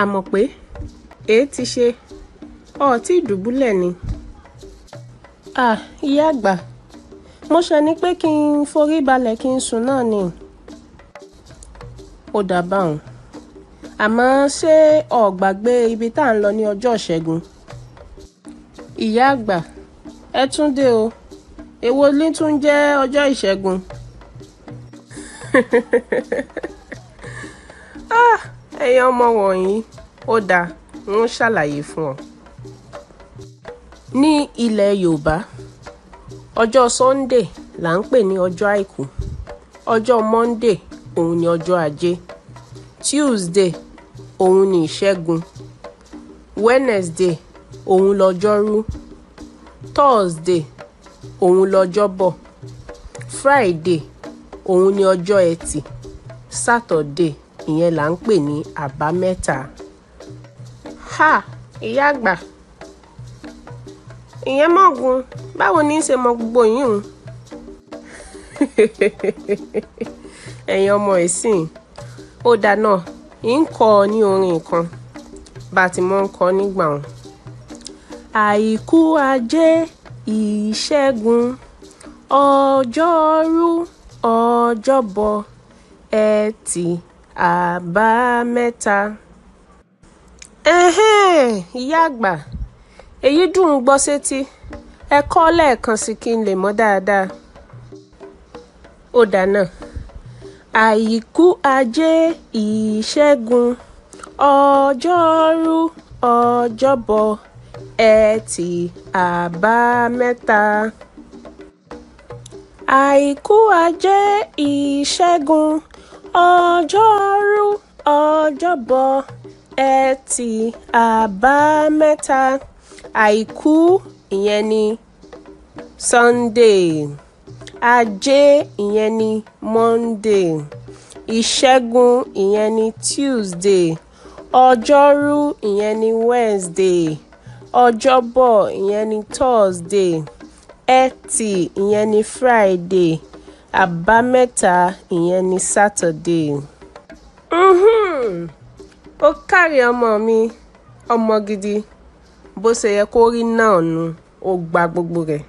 àmọ́ pé èé ti ṣe ọ̀ọ́ tí dùbúlẹ̀ ni. à ìyá àgbà mo ṣe ni pé kí n forí balẹ̀ kí n sùn náà ni. ó dà báwọn àmọ́ ṣé ọ̀ọ́ gbàgbé ibi tá à ń lọ ní ọjọ́ ìṣẹ́gun. ìyá àgbà ẹ tún dé o èwo ní tún jẹ́ ọjọ́ ìṣẹ́gun. ah ẹ̀yin ọmọ wọ̀nyí ó dáa n ó ṣàlàyé fún ọ. ní ilẹ̀ yorùbá ọjọ́ sunday là ń pè ní ọjọ́ àìkú ọjọ́ monday òun ni ọjọ́ ajé tuesday òun ni ìṣẹ́gun wednesday òun lọ́jọ́rú thursday òun lọ́jọ́bọ̀ friday òun ni ọjọ́ ẹtì saturday ìyẹn là ń pè ní àbámẹ́ta. ha ìyá àgbà ìyẹn mọ̀gùn báwo ní í ṣe mọ gbogbo yìí hùn. ẹ̀yin ọmọ ìsìn ó dáná ì ń kọ́ ọ ní orin kan bá a ti mọ́ ń kọ́ nígbà wọn. àìkú ajé ìṣẹ́gun ọjọ́rú ọjọ́bọ̀ ẹtì àbámẹ́ta. ẹ̀hẹ́n ìyá àgbà èyí dùn ún gbọ́ sétí ẹ kọ́ lẹ́ẹ̀kan sí kí n lè mọ̀ dáadáa. ó dáná àìkú ajé ìṣẹ́gun ọjọ́rú ọjọ́bọ̀ ẹtì àbámẹ́ta. àìkú ajé ìṣẹ́gun ọjọ́rú ọjọ́bọ̀ ẹtì àbámẹ́ta àìkú ìyẹn ní sunday ajé ìyẹn ní monday ìṣẹ́gun ìyẹn ní tuesday ọjọ́rú ìyẹn ní wednesday ọjọ́bọ̀ ìyẹn ní thursday ẹtì ìyẹn ní friday àbámẹ́ta ìyẹn ní sátidé ó kárí ọmọ mi ọmọ gidi bó ṣe yẹ kó rí náà nù ó gba gbogbo rẹ̀